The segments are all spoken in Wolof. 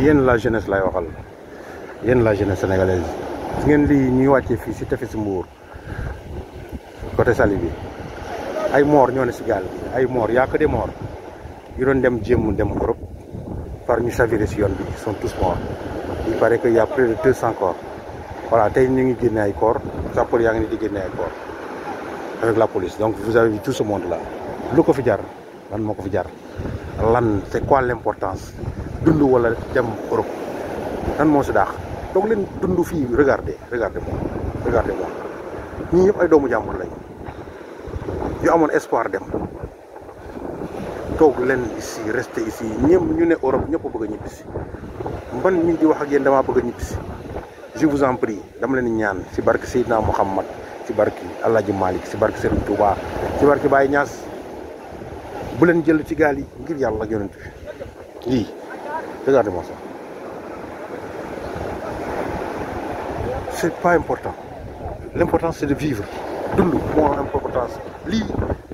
yéen la jeunesse lay waxal yéen la jeunesse sénégalaise gis ngeen lii ñuy wàccee fii si tefes Mbour côté Saly bi ay moor ñoo ne si gaal bi ay moor yaa que des morts yu doon dem jéem dem Europe par ñu chaviré si yoon bi ils sont tous morts il paraît que y a de deux cent corps voilà tey ñu ngi génne ay corps sapeurs yaa ngi ni di génne ay corps avec la police donc vous avez vu tout ce monde lu ko fi jar lan moo ko fi jar lan c'est quoi l'importance dund wala dem Europe nan moo si daax toog leen dund fii regardez regardez moom regardez moom ñii yëpp ay doomu jàmbur lañ yoo amoon espoir dem toog leen ici rester ici ñëm ñu ne Europe ñëpp bëgg a ñibbisi man mii di wax ak yéen damaa bëgg a ñibbisi je vous en prie dama leen ñaan si barke Seydina Mouhamad si barke El Hadj Malick si barke Serigne Touba ci barke Baye ñaas bu leen jël ci gaal yi ngir yàlla ak yonent lii. Regardez-moi Regardez-moi ça. C'est pas important. L'important c'est de vivre. dund moo am lii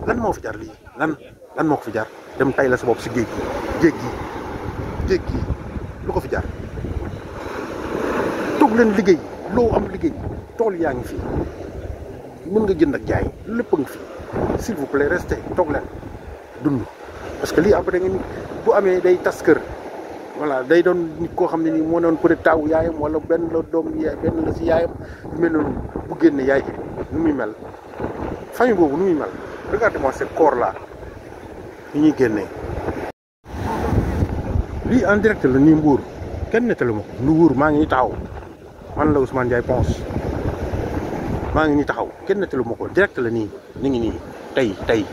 lan moo fi jar lii lan lan moo ko fi jar dem tay la sa bopp si géej gi géej gi géej gi lu ko fi jar toog leen liggéey loo am liggéey tool yaa ngi fi mën nga jën ak jaay lépp a ngi fi s'il vous plaît restez toog leen dund parce que lii après da ngeen bu amee day tas kër voilà day doon nit koo xam ne nii moo doon peut être taawu yaayam wala benn la doom yaay benn la si yaayam mel noonu bu génne yaay ji nu muy mel famille boobu nu muy mel regardez-moi corps là li ñuy génnee. lii en direct la nii mbuur kenn nettalu ma ko lu wuur maa ngi nii taxaw man la Ousmane Ndiaye Ponce maa ngi nii taxaw kenn nettalu ma ko direct la nii ni ngi nii tey tey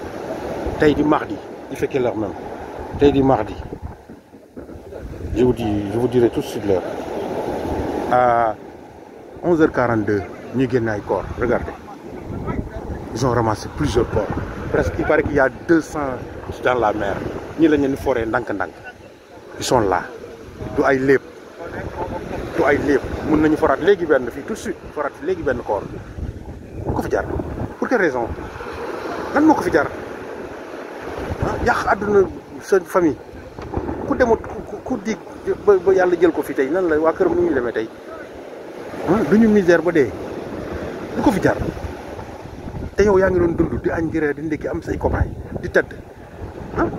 tey di mardi di fekkee leer même tey di mardi. je vous dis je vous dirai tout de suite l'heure à 11h42 ñu génn ay corps regardez ils ont ramassé plusieurs corps presque il paraît qu'il y a 200 dans la mer ñi la ñeen foree ndànk-ndànk ils sont là du ay lépp du ay lépp mun nañu foraat léegi benn fii tout de suite foraat léegi benn corps lu ko fi jar pour quelle raison lan moo ko fi jar ah, yàq àdduna sa famille ku demut ku dig ba ba yàlla jël ko fi tey nan la waa këram nu ñu demee tey du ñu misère ba dee du ko fi jar te yow yaa ngi doon dund di añ di reer di ndékki am say copain di tëdd ah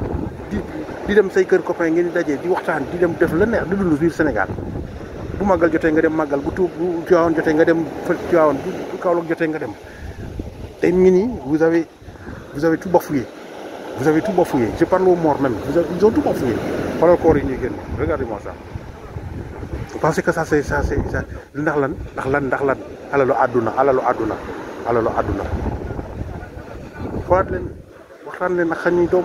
di dem say kër copain ngeen di dajee di waxtaan di dem def la neex di dund biir Sénégal bu màggal jotee nga dem màggal bu tuub bu Tiwaawan jotee nga dem fa Tiwaawan bu Kaolack jotee nga dem tey ngi nii vous avez vous avez tout bafouillé vous avez tout bafouillé je parle aux morts même vous avez ils ont tout bafouillé xoolal koor yi ñuy génn regardez-moi ça vous pensez que ça c'est ça c'est ça ndax lan ndax lan ndax lan alalu àdduna alalu àdduna alalu àdduna xoolaat leen waxtaan leen ak xañuy doom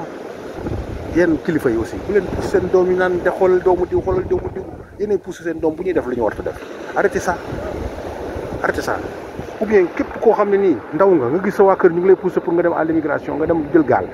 yenn kilifa yi aussi bu leen pousse seen doom yi naan de xoolal doomu diw xoolal doomu diw yéenay pousse seen doom bu ñuy def lu ñu war a def arrêtez ça arrêtez ça ou bien képp koo xam ne nii ndaw nga nga gis sa waa kër ñu ngi lay pousse pour nga dem à l'immigration nga dem jël gaal